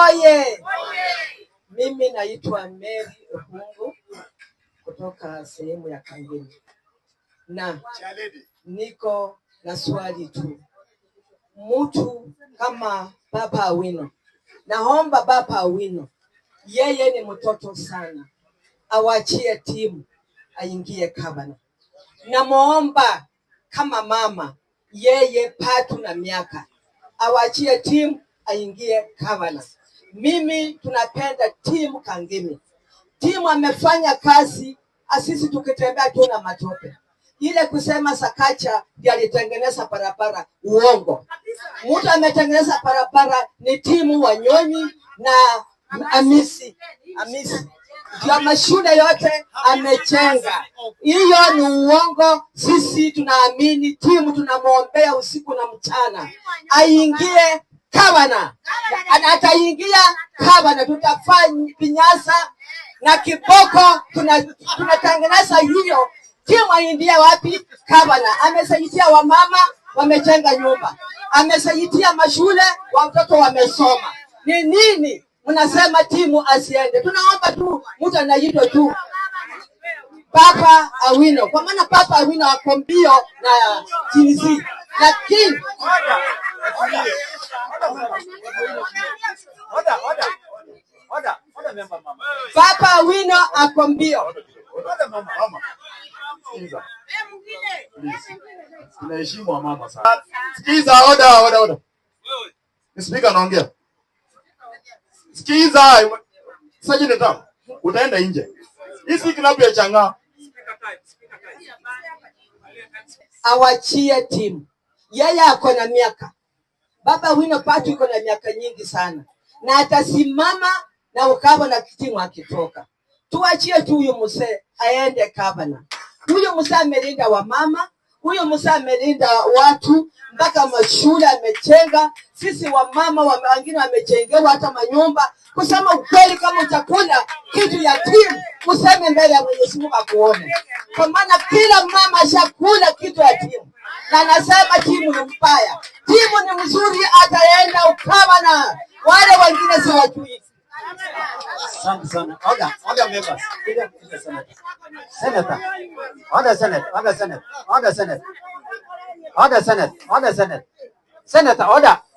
oye! Mimi naitwa Mary Okungu kutoka sehemu ya Kangemi na niko na swali tu. Mtu kama Baba Awino, naomba Baba Awino, yeye ni mtoto sana, awachie timu aingie kabana Namwomba kama mama, yeye patu na miaka, awachie timu aingie Kavana mimi tunapenda timu Kangemi. Timu amefanya kazi asisi, tukitembea tu na matope. Ile kusema Sakacha ndiye alitengeneza barabara, uongo. Mtu ametengeneza barabara ni timu Wanyonyi na Amisi, Amisi ya mashule yote amechenga. Hiyo ni uongo. Sisi tunaamini timu, tunamwombea usiku na mchana aingie Kavana ataingia Kavana, tutafanya pinyasa na kiboko, Tunatangaza hiyo timu. Aingia wapi? Kavana amesaidia wamama wamejenga nyumba, amesaidia mashule wa mtoto wamesoma. Ni nini mnasema timu asiende? Tunaomba tu mtu anaitwa tu Papa Awino, kwa maana Papa Awino akombio na jinsi lakini Papa Wino ako mbio. Sikiza, oda, oda, oda. Spika anaongea. Sikiza, sajini tamu. Utaenda nje. Hii klabu ya changa. Awachie timu. Yeye ako na miaka Baba Wino Patrick uko na miaka nyingi sana na atasimama na ukava na kitimu akitoka. Tuachie tu huyu mzee aende kavana. Huyu mzee amelinda wamama, huyu mzee amelinda watu mpaka mashule amechenga. Sisi wamama wengine wamechengewa hata manyumba. Kusema ukweli, kama utakula kitu timu useme mbele ya Mwenyezi Mungu akuone, kwa maana kila mama ashakula kitu timu na bana. Wale wengine siwajui. Asante sana. Oga, oga members. Oga senator. Senator. Oga senator. Oga senator. Oga senator. Oga Senet. Oga senator. Senator, oga.